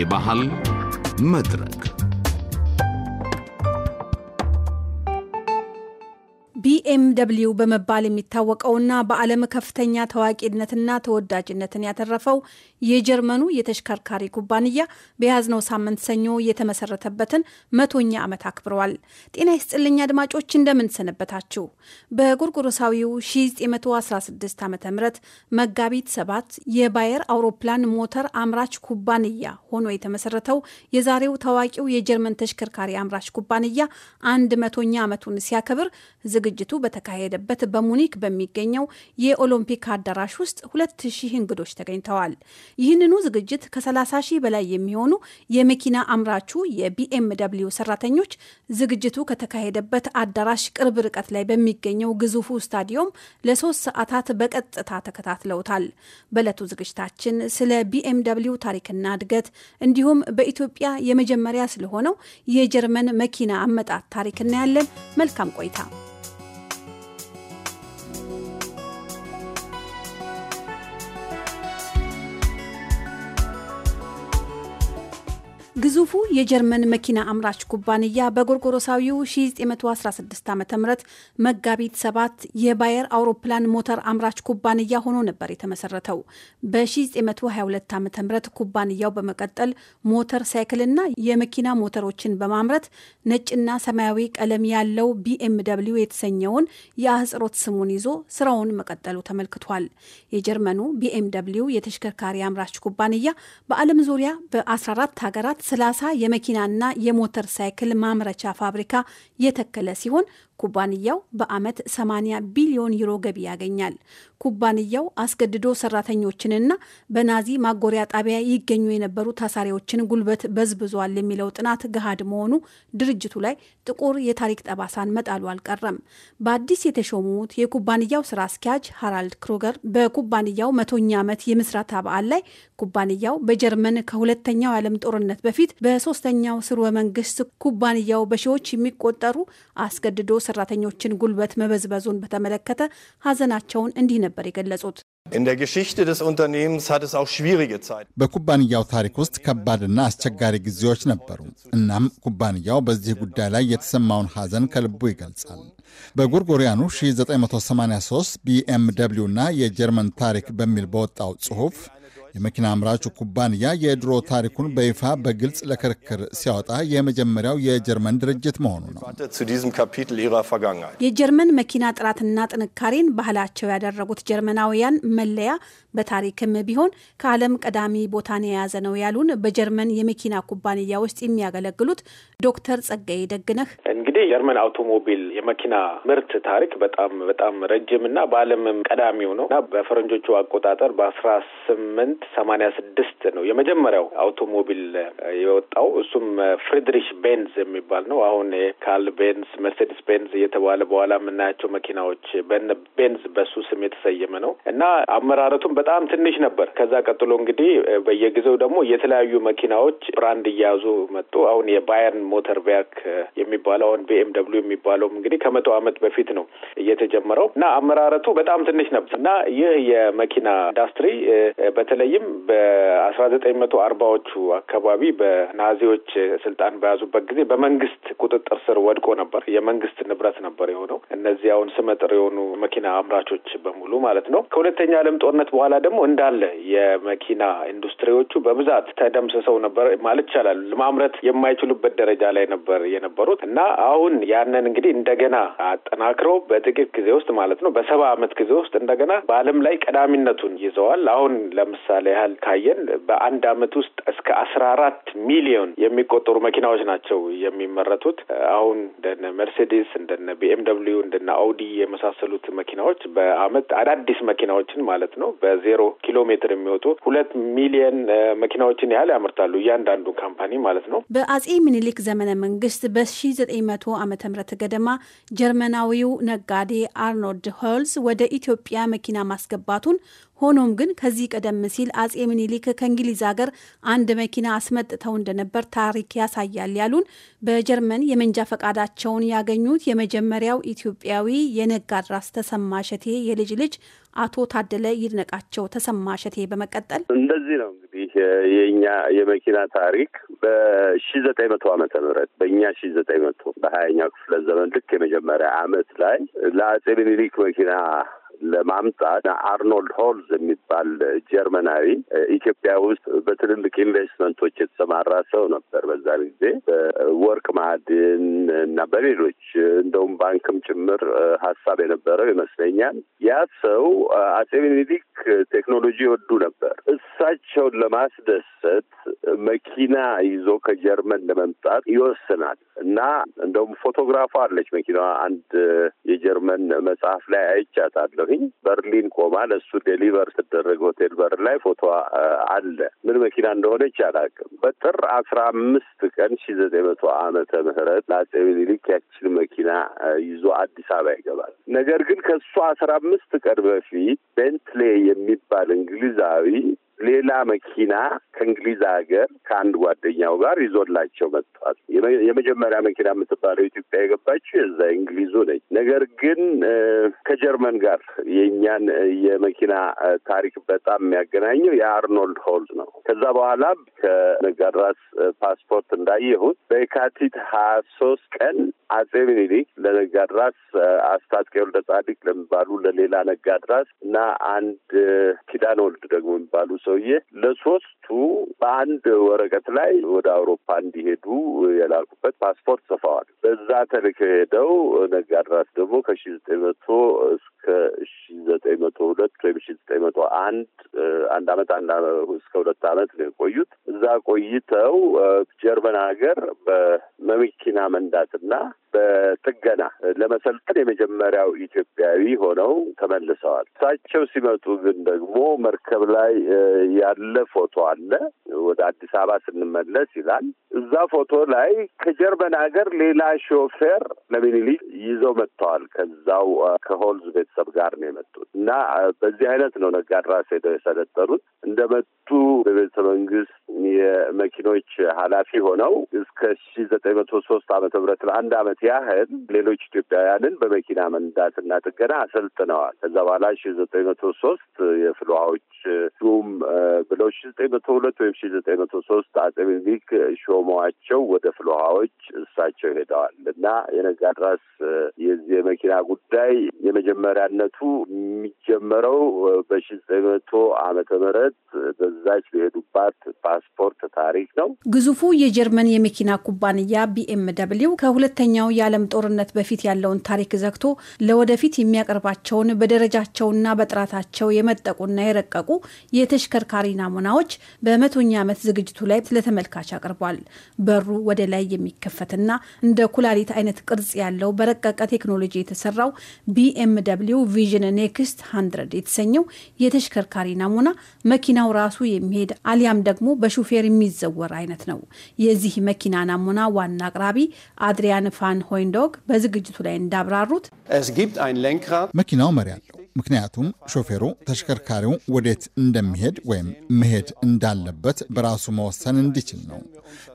የባህል መድረክ ቢኤምደብሊው በመባል የሚታወቀውና በዓለም ከፍተኛ ታዋቂነትና ተወዳጅነትን ያተረፈው የጀርመኑ የተሽከርካሪ ኩባንያ በያዝነው ሳምንት ሰኞ የተመሰረተበትን መቶኛ ዓመት አክብረዋል። ጤና ይስጥልኝ አድማጮች እንደምን ሰነበታችሁ። በጎርጎሮሳዊው 1916 ዓ ም መጋቢት ሰባት የባየር አውሮፕላን ሞተር አምራች ኩባንያ ሆኖ የተመሰረተው የዛሬው ታዋቂው የጀርመን ተሽከርካሪ አምራች ኩባንያ አንድ መቶኛ ዓመቱን ሲያከብር ዝግጅቱ በተካሄደበት በሙኒክ በሚገኘው የኦሎምፒክ አዳራሽ ውስጥ ሁለት ሺህ እንግዶች ተገኝተዋል። ይህንኑ ዝግጅት ከ30 ሺህ በላይ የሚሆኑ የመኪና አምራቹ የቢኤም ሰራተኞች ዝግጅቱ ከተካሄደበት አዳራሽ ቅርብ ርቀት ላይ በሚገኘው ግዙፉ ስታዲየም ለሶስት ሰዓታት በቀጥታ ተከታትለውታል። በዕለቱ ዝግጅታችን ስለ ቢኤም ደብሊው ታሪክና እድገት እንዲሁም በኢትዮጵያ የመጀመሪያ ስለሆነው የጀርመን መኪና አመጣት ታሪክ እናያለን። መልካም ቆይታ። ግዙፉ የጀርመን መኪና አምራች ኩባንያ በጎርጎሮሳዊው 1916 ዓ ም መጋቢት ሰባት የባየር አውሮፕላን ሞተር አምራች ኩባንያ ሆኖ ነበር የተመሰረተው። በ1922 ዓ ም ኩባንያው በመቀጠል ሞተር ሳይክልና የመኪና ሞተሮችን በማምረት ነጭና ሰማያዊ ቀለም ያለው ቢኤምደብሊው የተሰኘውን የአህጽሮት ስሙን ይዞ ስራውን መቀጠሉ ተመልክቷል። የጀርመኑ ደብሊው የተሽከርካሪ አምራች ኩባንያ በዓለም ዙሪያ በ14 ሀገራት ሰላሳ የመኪናና የሞተር ሳይክል ማምረቻ ፋብሪካ የተከለ ሲሆን ኩባንያው በዓመት 80 ቢሊዮን ዩሮ ገቢ ያገኛል። ኩባንያው አስገድዶ ሰራተኞችንና በናዚ ማጎሪያ ጣቢያ ይገኙ የነበሩ ታሳሪዎችን ጉልበት በዝብዟል የሚለው ጥናት ገሃድ መሆኑ ድርጅቱ ላይ ጥቁር የታሪክ ጠባሳን መጣሉ አልቀረም። በአዲስ የተሾሙት የኩባንያው ስራ አስኪያጅ ሃራልድ ክሩገር በኩባንያው መቶኛ ዓመት የምስረታ በዓል ላይ ኩባንያው በጀርመን ከሁለተኛው የዓለም ጦርነት በፊት በሶስተኛው ስርወ መንግስት ኩባንያው በሺዎች የሚቆጠሩ አስገድዶ ሰራተኞችን ጉልበት መበዝበዙን በተመለከተ ሀዘናቸውን እንዲህ ነበር የገለጹት። በኩባንያው ታሪክ ውስጥ ከባድና አስቸጋሪ ጊዜዎች ነበሩ። እናም ኩባንያው በዚህ ጉዳይ ላይ የተሰማውን ሐዘን ከልቡ ይገልጻል። በጎርጎሪያኑ 1983 ቢኤምደብሊው እና የጀርመን ታሪክ በሚል በወጣው ጽሑፍ የመኪና አምራቹ ኩባንያ የድሮ ታሪኩን በይፋ በግልጽ ለክርክር ሲያወጣ የመጀመሪያው የጀርመን ድርጅት መሆኑ ነው። የጀርመን መኪና ጥራትና ጥንካሬን ባህላቸው ያደረጉት ጀርመናውያን መለያ በታሪክም ቢሆን ከዓለም ቀዳሚ ቦታን የያዘ ነው ያሉን በጀርመን የመኪና ኩባንያ ውስጥ የሚያገለግሉት ዶክተር ጸጋዬ ደግነህ እንግዲህ ጀርመን አውቶሞቢል የመኪና ምርት ታሪክ በጣም በጣም ረጅምና በዓለምም ቀዳሚው ነው እና በፈረንጆቹ አቆጣጠር በአስራ ስምንት ሰማኒያ ስድስት ነው የመጀመሪያው አውቶሞቢል የወጣው። እሱም ፍሪድሪሽ ቤንዝ የሚባል ነው። አሁን ካርል ቤንዝ፣ መርሴዲስ ቤንዝ እየተባለ በኋላ የምናያቸው መኪናዎች በነ ቤንዝ በሱ ስም የተሰየመ ነው እና አመራረቱም በጣም ትንሽ ነበር። ከዛ ቀጥሎ እንግዲህ በየጊዜው ደግሞ የተለያዩ መኪናዎች ብራንድ እያያዙ መጡ። አሁን የባየርን ሞተር ቢያክ የሚባለው አሁን ቢኤም የሚባለውም እንግዲህ ከመቶ ዓመት በፊት ነው እየተጀመረው እና አመራረቱ በጣም ትንሽ ነበር እና ይህ የመኪና ኢንዱስትሪ በተለየ በተለይም በአስራ ዘጠኝ መቶ አርባዎቹ አካባቢ በናዚዎች ስልጣን በያዙበት ጊዜ በመንግስት ቁጥጥር ስር ወድቆ ነበር። የመንግስት ንብረት ነበር የሆነው። እነዚህ አሁን ስመጥር የሆኑ መኪና አምራቾች በሙሉ ማለት ነው። ከሁለተኛ ዓለም ጦርነት በኋላ ደግሞ እንዳለ የመኪና ኢንዱስትሪዎቹ በብዛት ተደምስሰው ነበር ማለት ይቻላል። ማምረት የማይችሉበት ደረጃ ላይ ነበር የነበሩት እና አሁን ያንን እንግዲህ እንደገና አጠናክሮ በጥቂት ጊዜ ውስጥ ማለት ነው በሰባ ዓመት ጊዜ ውስጥ እንደገና በዓለም ላይ ቀዳሚነቱን ይዘዋል። አሁን ለምሳሌ ለምሳሌ ያህል ካየን በአንድ አመት ውስጥ እስከ አስራ አራት ሚሊዮን የሚቆጠሩ መኪናዎች ናቸው የሚመረቱት። አሁን እንደነ መርሴዴስ፣ እንደነ ቢኤምደብሊዩ፣ እንደነ አውዲ የመሳሰሉት መኪናዎች በአመት አዳዲስ መኪናዎችን ማለት ነው በዜሮ ኪሎ ሜትር የሚወጡ ሁለት ሚሊዮን መኪናዎችን ያህል ያመርታሉ እያንዳንዱ ካምፓኒ ማለት ነው። በአጼ ምኒልክ ዘመነ መንግስት በሺ ዘጠኝ መቶ አመተ ምህረት ገደማ ጀርመናዊው ነጋዴ አርኖልድ ሆልዝ ወደ ኢትዮጵያ መኪና ማስገባቱን ሆኖም ግን ከዚህ ቀደም ሲል አጼ ምኒልክ ከእንግሊዝ ሀገር አንድ መኪና አስመጥተው እንደነበር ታሪክ ያሳያል ያሉን በጀርመን የመንጃ ፈቃዳቸውን ያገኙት የመጀመሪያው ኢትዮጵያዊ የነጋድራስ ተሰማ ሸቴ የልጅ ልጅ አቶ ታደለ ይድነቃቸው ተሰማ ሸቴ በመቀጠል እንደዚህ ነው እንግዲህ የእኛ የመኪና ታሪክ በሺ ዘጠኝ መቶ አመተ ምህረት በእኛ ሺ ዘጠኝ መቶ በሀያኛው ክፍለ ዘመን ልክ የመጀመሪያ አመት ላይ ለአጼ ምኒልክ መኪና ለማምጣት አርኖልድ ሆልዝ የሚባል ጀርመናዊ ኢትዮጵያ ውስጥ በትልልቅ ኢንቨስትመንቶች የተሰማራ ሰው ነበር። በዛን ጊዜ በወርቅ ማዕድን እና በሌሎች እንደውም ባንክም ጭምር ሀሳብ የነበረው ይመስለኛል። ያ ሰው አጼ ቴክኖሎጂ ይወዱ ነበር። እሳቸውን ለማስደሰት መኪና ይዞ ከጀርመን ለመምጣት ይወስናል እና እንደውም ፎቶግራፏ አለች መኪናዋ። አንድ የጀርመን መጽሐፍ ላይ አይቻታለሁ። ቆማለሁኝ። በርሊን ቆማ ለሱ ዴሊቨር ስደረግ ሆቴል በር ላይ ፎቶ አለ። ምን መኪና እንደሆነች አላውቅም። በጥር አስራ አምስት ቀን ሺ ዘጠኝ መቶ አመተ ምህረት ለአጼ ምኒልክ ያችን መኪና ይዞ አዲስ አበባ ይገባል። ነገር ግን ከሱ አስራ አምስት ቀን በፊት ቤንትሌ የሚባል እንግሊዛዊ ሌላ መኪና ከእንግሊዝ ሀገር ከአንድ ጓደኛው ጋር ይዞላቸው መጥቷል። የመጀመሪያ መኪና የምትባለው ኢትዮጵያ የገባችው የዛ እንግሊዙ ነች። ነገር ግን ከጀርመን ጋር የእኛን የመኪና ታሪክ በጣም የሚያገናኘው የአርኖልድ ሆልድ ነው። ከዛ በኋላ ከነጋድራስ ፓስፖርት እንዳየሁት በየካቲት ሀያ ሶስት ቀን አጼ ሚኒሊክ ለነጋድራስ አስታጥቄ ወልደ ጻዲቅ ለሚባሉ ለሌላ ነጋድራስ እና አንድ ኪዳን ወልድ ደግሞ የሚባሉ ሰውዬ ለሶስቱ በአንድ ወረቀት ላይ ወደ አውሮፓ እንዲሄዱ የላኩበት ፓስፖርት ጽፈዋል። በዛ ተልከው ሄደው ነጋድራስ ደግሞ ከሺ ዘጠኝ መቶ ከሺ ዘጠኝ መቶ ሁለት ወይም ሺ ዘጠኝ መቶ አንድ አንድ አመት አንድ እስከ ሁለት አመት ነው የቆዩት። እዛ ቆይተው ጀርመን ሀገር በመኪና መንዳትና በጥገና ለመሰልጠን የመጀመሪያው ኢትዮጵያዊ ሆነው ተመልሰዋል። እሳቸው ሲመጡ ግን ደግሞ መርከብ ላይ ያለ ፎቶ አለ። ወደ አዲስ አበባ ስንመለስ ይላል እዛ ፎቶ ላይ ከጀርመን ሀገር ሌላ ሾፌር እነ ምኒልክ ይዘው መጥተዋል። ከዛው ከሆልዝ ቤተሰብ ጋር ነው የመጡት እና በዚህ አይነት ነው ነጋድራስ ሄደው የሰለጠኑት። እንደመጡ በቤተ መንግስት የመኪኖች ኃላፊ ሆነው እስከ ሺ ዘጠኝ መቶ ሶስት ዓመተ ምህረት ለአንድ አመት ያህል ሌሎች ኢትዮጵያውያንን በመኪና መንዳት እና ጥገና አሰልጥነዋል። ከዛ በኋላ ሺ ዘጠኝ መቶ ሶስት የፍልውሃዎች ሹም ብለው ሺ ዘጠኝ መቶ ሁለት ወይም ሺ ዘጠኝ መቶ ሶስት አጼ ምኒልክ ሾመዋቸው ወደ ፍልውሃዎች እሳቸው ሄደዋል እና ድረስ የዚህ የመኪና ጉዳይ የመጀመሪያነቱ የሚጀመረው በሺ ዘጠኝ መቶ ዓመተ ምህረት በዛች በሄዱባት ፓስፖርት ታሪክ ነው። ግዙፉ የጀርመን የመኪና ኩባንያ ቢኤም ደብሊው ከሁለተኛው የዓለም ጦርነት በፊት ያለውን ታሪክ ዘግቶ ለወደፊት የሚያቀርባቸውን በደረጃቸውና በጥራታቸው የመጠቁና የረቀቁ የተሽከርካሪ ናሙናዎች በመቶኛ ዓመት ዝግጅቱ ላይ ለተመልካች አቅርቧል። በሩ ወደ ላይ የሚከፈትና እንደ ኩላሊት አይነት ቅርጽ ቅርጽ ያለው በረቀቀ ቴክኖሎጂ የተሰራው ደብሊው ቪዥን ኔክስት 100 የተሰኘው የተሽከርካሪ ናሙና መኪናው ራሱ የሚሄድ አሊያም ደግሞ በሹፌር የሚዘወር አይነት ነው። የዚህ መኪና ናሙና ዋና አቅራቢ አድሪያን ፋን ሆይንዶግ በዝግጅቱ ላይ እንዳብራሩት መኪናው መሪ አለው። ምክንያቱም ሾፌሩ ተሽከርካሪው ወዴት እንደሚሄድ ወይም መሄድ እንዳለበት በራሱ መወሰን እንዲችል ነው።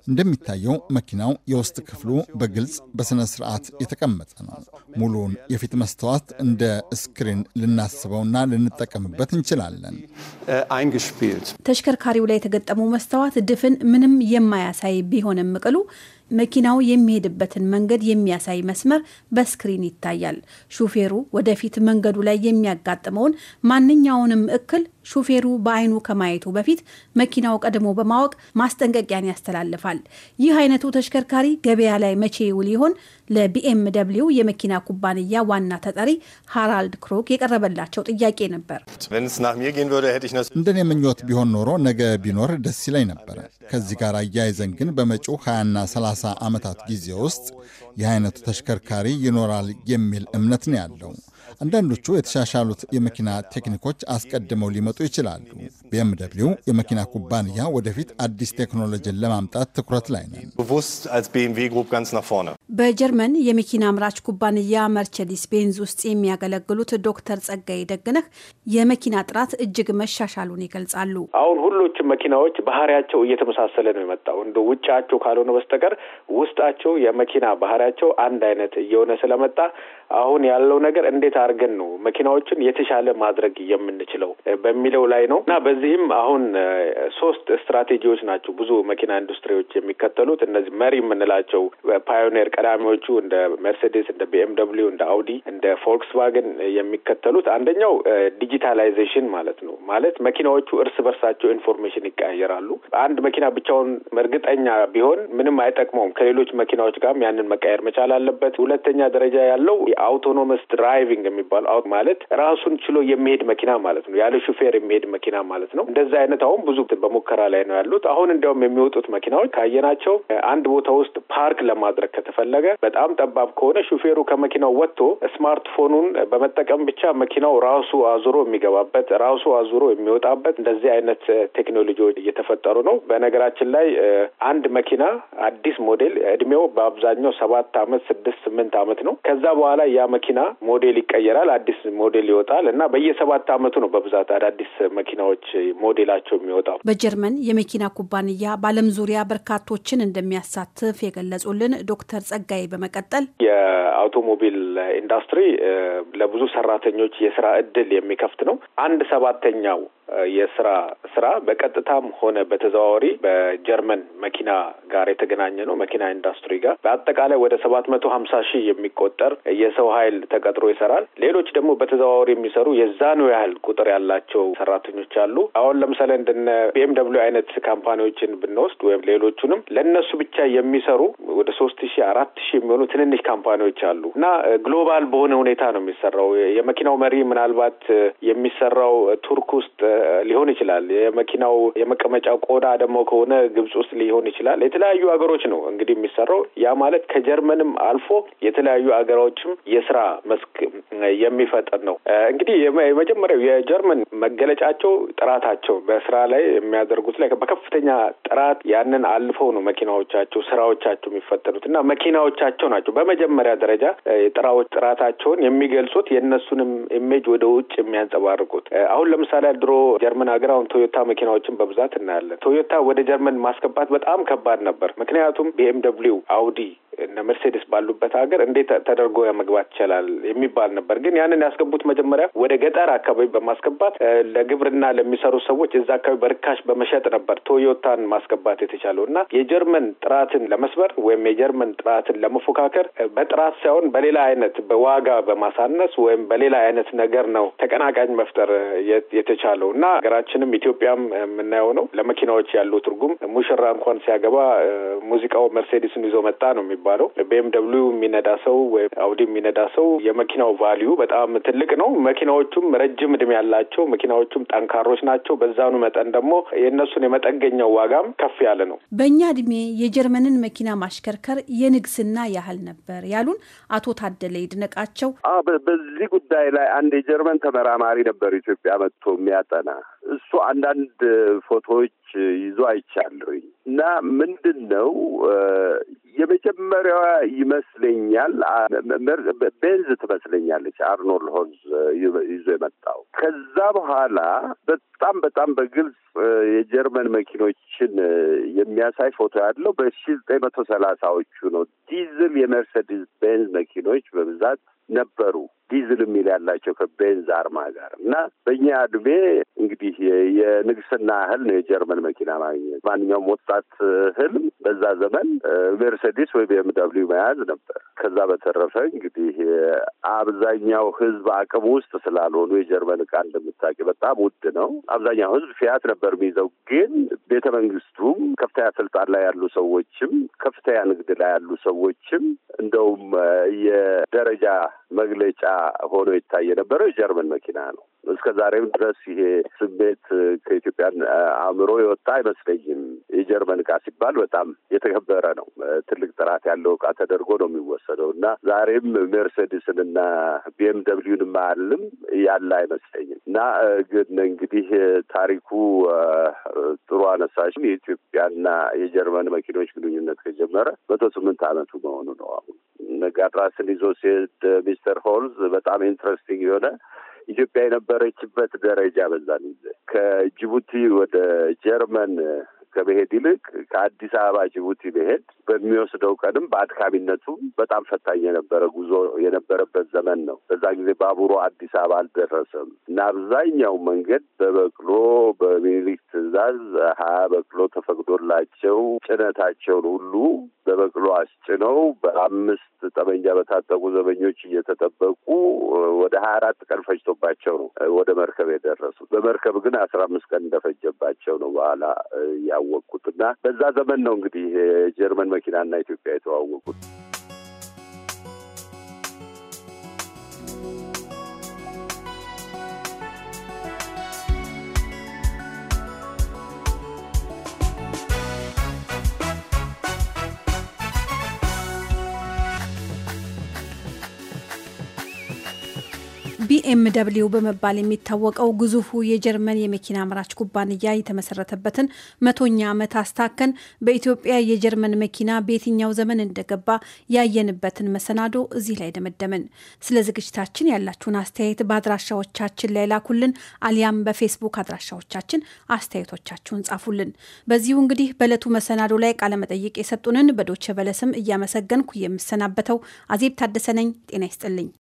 እንደሚታየው መኪናው የውስጥ ክፍሉ በግልጽ በሥነ ሥርዓት የተቀመጠ ነው። ሙሉውን የፊት መስተዋት እንደ ስክሪን ልናስበውና ልንጠቀምበት እንችላለን። ተሽከርካሪው ላይ የተገጠመው መስተዋት ድፍን ምንም የማያሳይ ቢሆንም ቅሉ መኪናው የሚሄድበትን መንገድ የሚያሳይ መስመር በስክሪን ይታያል። ሹፌሩ ወደፊት መንገዱ ላይ የሚያጋጥመውን ማንኛውንም እክል ሹፌሩ በአይኑ ከማየቱ በፊት መኪናው ቀድሞ በማወቅ ማስጠንቀቂያን ያስተላልፋል። ይህ አይነቱ ተሽከርካሪ ገበያ ላይ መቼ ይውል ይሆን? ለቢኤም ደብሊው የመኪና ኩባንያ ዋና ተጠሪ ሃራልድ ክሮክ የቀረበላቸው ጥያቄ ነበር። እንደኔ ምኞት ቢሆን ኖሮ ነገ ቢኖር ደስ ይለኝ ነበረ። ከዚህ ጋር አያይዘን ግን በመጪው 20ና 30 ዓመታት ጊዜ ውስጥ ይህ አይነቱ ተሽከርካሪ ይኖራል የሚል እምነት ነው ያለው። አንዳንዶቹ የተሻሻሉት የመኪና ቴክኒኮች አስቀድመው ሊመጡ ይችላሉ። ቢኤምደብሊው የመኪና ኩባንያ ወደፊት አዲስ ቴክኖሎጂን ለማምጣት ትኩረት ላይ ነን። በጀርመን የመኪና አምራች ኩባንያ መርቸዲስ ቤንዝ ውስጥ የሚያገለግሉት ዶክተር ጸጋይ ደግነህ የመኪና ጥራት እጅግ መሻሻሉን ይገልጻሉ። አሁን ሁሎችም መኪናዎች ባህሪያቸው እየተመሳሰለ ነው የመጣው እንደ ውጫቸው ካልሆነ በስተቀር ውስጣቸው የመኪና ባህሪያቸው አንድ አይነት እየሆነ ስለመጣ አሁን ያለው ነገር እንዴት አድርገን ነው መኪናዎችን የተሻለ ማድረግ የምንችለው በሚለው ላይ ነው እና በዚህም አሁን ሶስት ስትራቴጂዎች ናቸው ብዙ መኪና ኢንዱስትሪዎች የሚከተሉት እነዚህ መሪ የምንላቸው ፓዮኔር ቀዳሚዎቹ እንደ መርሴዴስ፣ እንደ ቢኤምደብሊው፣ እንደ አውዲ፣ እንደ ፎልክስቫገን የሚከተሉት አንደኛው ዲጂታላይዜሽን ማለት ነው። ማለት መኪናዎቹ እርስ በርሳቸው ኢንፎርሜሽን ይቀያየራሉ። አንድ መኪና ብቻውን እርግጠኛ ቢሆን ምንም አይጠቅመውም። ከሌሎች መኪናዎች ጋርም ያንን መቀየር መቻል አለበት። ሁለተኛ ደረጃ ያለው የአውቶኖመስ ድራይቪንግ የሚባል አውቅ ማለት ራሱን ችሎ የሚሄድ መኪና ማለት ነው። ያለ ሹፌር የሚሄድ መኪና ማለት ነው። እንደዛ አይነት አሁን ብዙ በሙከራ ላይ ነው ያሉት። አሁን እንዲያውም የሚወጡት መኪናዎች ካየናቸው አንድ ቦታ ውስጥ ፓርክ ለማድረግ ከተፈለገ በጣም ጠባብ ከሆነ ሹፌሩ ከመኪናው ወጥቶ ስማርትፎኑን በመጠቀም ብቻ መኪናው ራሱ አዙሮ የሚገባበት ራሱ አዙሮ የሚወጣበት እንደዚህ አይነት ቴክኖሎጂዎች እየተፈጠሩ ነው። በነገራችን ላይ አንድ መኪና አዲስ ሞዴል እድሜው በአብዛኛው ሰባት አመት ስድስት ስምንት አመት ነው። ከዛ በኋላ ያ መኪና ሞዴል ይቀ ይቀየራል፣ አዲስ ሞዴል ይወጣል እና በየሰባት አመቱ ነው በብዛት አዳዲስ መኪናዎች ሞዴላቸው የሚወጣው። በጀርመን የመኪና ኩባንያ በዓለም ዙሪያ በርካቶችን እንደሚያሳትፍ የገለጹልን ዶክተር ጸጋይ በመቀጠል የአውቶሞቢል ኢንዱስትሪ ለብዙ ሰራተኞች የስራ እድል የሚከፍት ነው። አንድ ሰባተኛው የስራ ስራ በቀጥታም ሆነ በተዘዋወሪ በጀርመን መኪና ጋር የተገናኘ ነው። መኪና ኢንዱስትሪ ጋር በአጠቃላይ ወደ ሰባት መቶ ሀምሳ ሺህ የሚቆጠር የሰው ኃይል ተቀጥሮ ይሰራል። ሌሎች ደግሞ በተዘዋወር የሚሰሩ የዛኑ ያህል ቁጥር ያላቸው ሰራተኞች አሉ። አሁን ለምሳሌ እንደነ ቢኤም አይነት ካምፓኒዎችን ብንወስድ ወይም ሌሎቹንም ለእነሱ ብቻ የሚሰሩ ወደ ሶስት ሺህ አራት ሺህ የሚሆኑ ትንንሽ ካምፓኒዎች አሉ እና ግሎባል በሆነ ሁኔታ ነው የሚሰራው። የመኪናው መሪ ምናልባት የሚሰራው ቱርክ ውስጥ ሊሆን ይችላል። የመኪናው የመቀመጫ ቆዳ ደግሞ ከሆነ ግብጽ ውስጥ ሊሆን ይችላል። የተለያዩ ሀገሮች ነው እንግዲህ የሚሰራው። ያ ማለት ከጀርመንም አልፎ የተለያዩ ሀገሮችም የስራ መስክ የሚፈጥር ነው። እንግዲህ የመጀመሪያው የጀርመን መገለጫቸው ጥራታቸው በስራ ላይ የሚያደርጉት ላይ በከፍተኛ ጥራት ያንን አልፈው ነው መኪናዎቻቸው ስራዎቻቸው የሚፈጠሩት እና መኪናዎቻቸው ናቸው በመጀመሪያ ደረጃ ጥራዎች ጥራታቸውን የሚገልጹት የእነሱንም ኢሜጅ ወደ ውጭ የሚያንጸባርቁት። አሁን ለምሳሌ ድሮ ጀርመን ሀገር አሁን ቶዮታ መኪናዎችን በብዛት እናያለን። ቶዮታ ወደ ጀርመን ማስገባት በጣም ከባድ ነበር። ምክንያቱም ቢኤምደብሊው፣ አውዲ እነ መርሴዴስ ባሉበት ሀገር እንዴት ተደርጎ መግባት ይችላል የሚባል ነበር። ግን ያንን ያስገቡት መጀመሪያ ወደ ገጠር አካባቢ በማስገባት ለግብርና ለሚሰሩ ሰዎች እዛ አካባቢ በርካሽ በመሸጥ ነበር ቶዮታን ማስገባት የተቻለው እና የጀርመን ጥራትን ለመስበር ወይም የጀርመን ጥራትን ለመፎካከር በጥራት ሳይሆን በሌላ አይነት በዋጋ በማሳነስ ወይም በሌላ አይነት ነገር ነው ተቀናቃኝ መፍጠር የተቻለው እና ሀገራችንም ኢትዮጵያም የምናየው ነው። ለመኪናዎች ያለው ትርጉም ሙሽራ እንኳን ሲያገባ ሙዚቃው መርሴዲስን ይዞ መጣ ነው የሚባለው ቤም የሚነዳ ሰው አውዲ የሚነዳ ሰው የመኪናው ቫሊዩ በጣም ትልቅ ነው። መኪናዎቹም ረጅም እድሜ ያላቸው መኪናዎቹም ጠንካሮች ናቸው። በዛኑ መጠን ደግሞ የእነሱን የመጠገኛው ዋጋም ከፍ ያለ ነው። በእኛ እድሜ የጀርመንን መኪና ማሽከርከር የንግስና ያህል ነበር ያሉን አቶ ታደለ ይድነቃቸው በዚህ ጉዳይ ላይ አንድ የጀርመን ተመራማሪ ነበር ኢትዮጵያ መጥቶ የሚያጠና እሱ አንዳንድ ፎቶዎች ሰዎች ይዞ አይቻለሁኝ እና ምንድን ነው የመጀመሪያዋ ይመስለኛል ቤንዝ ትመስለኛለች አርኖልድ ሆንዝ ይዞ የመጣው። ከዛ በኋላ በጣም በጣም በግልጽ የጀርመን መኪኖችን የሚያሳይ ፎቶ ያለው በሺ ዘጠኝ መቶ ሰላሳዎቹ ነው። ዲዝል የመርሴዲስ ቤንዝ መኪኖች በብዛት ነበሩ። ዲዝል የሚል ያላቸው ከቤንዝ አርማ ጋር እና በእኛ እድሜ እንግዲህ የንግስና እህል ነው የጀርመን መኪና ማግኘት። ማንኛውም ወጣት ህልም በዛ ዘመን ሜርሴዲስ ወይ ቤምደብሊው መያዝ ነበር። ከዛ በተረፈ እንግዲህ አብዛኛው ህዝብ አቅም ውስጥ ስላልሆኑ የጀርመን እቃ እንደምታውቂ በጣም ውድ ነው። አብዛኛው ህዝብ ፊያት ነበር የሚይዘው። ግን ቤተ መንግስቱም ከፍተኛ ስልጣን ላይ ያሉ ሰዎችም ከፍተኛ ንግድ ላይ ያሉ ሰዎችም እንደውም የደረጃ መግለጫ ሆኖ ይታይ የነበረው የጀርመን መኪና ነው። እስከ ዛሬም ድረስ ይሄ ስሜት ከኢትዮጵያ አእምሮ የወጣ አይመስለኝም። የጀርመን እቃ ሲባል በጣም የተከበረ ነው። ትልቅ ጥራት ያለው እቃ ተደርጎ ነው የሚወሰደው እና ዛሬም ሜርሴዲስንና ቢኤም ደብሊውን ማልም ያለ አይመስለኝም እና ግን እንግዲህ ታሪኩ ጥሩ አነሳሽም የኢትዮጵያና የጀርመን መኪኖች ግንኙነት ከጀመረ መቶ ስምንት ዓመቱ መሆኑ ነው አሁን ጋድራስን ይዞ ሲሄድ ሚስተር ሆልዝ በጣም ኢንትረስቲንግ የሆነ ኢትዮጵያ የነበረችበት ደረጃ በዛን ጊዜ ከጅቡቲ ወደ ጀርመን ከመሄድ ይልቅ ከአዲስ አበባ ጅቡቲ መሄድ በሚወስደው ቀንም በአድካሚነቱ በጣም ፈታኝ የነበረ ጉዞ የነበረበት ዘመን ነው። በዛ ጊዜ ባቡሮ አዲስ አበባ አልደረሰም እና አብዛኛው መንገድ በበቅሎ በሚኒሊክ ትዕዛዝ ሀያ በቅሎ ተፈቅዶላቸው ጭነታቸውን ሁሉ በበቅሎ አስጭነው በአምስት ጠመንጃ በታጠቁ ዘበኞች እየተጠበቁ ወደ ሀያ አራት ቀን ፈጅቶባቸው ነው ወደ መርከብ የደረሱት። በመርከብ ግን አስራ አምስት ቀን እንደፈጀባቸው ነው በኋላ ያወቅኩት እና በዛ ዘመን ነው እንግዲህ ጀርመን መኪናና ኢትዮጵያ የተዋወቁት። ቢኤምደብሊው በመባል የሚታወቀው ግዙፉ የጀርመን የመኪና አምራች ኩባንያ የተመሰረተበትን መቶኛ ዓመት አስታከን በኢትዮጵያ የጀርመን መኪና በየትኛው ዘመን እንደገባ ያየንበትን መሰናዶ እዚህ ላይ ደመደምን። ስለ ዝግጅታችን ያላችሁን አስተያየት በአድራሻዎቻችን ላይ ላኩልን፣ አሊያም በፌስቡክ አድራሻዎቻችን አስተያየቶቻችሁን ጻፉልን። በዚሁ እንግዲህ በዕለቱ መሰናዶ ላይ ቃለመጠይቅ የሰጡንን በዶቸ በለስም እያመሰገንኩ የምሰናበተው አዜብ ታደሰ ነኝ። ጤና ይስጥልኝ።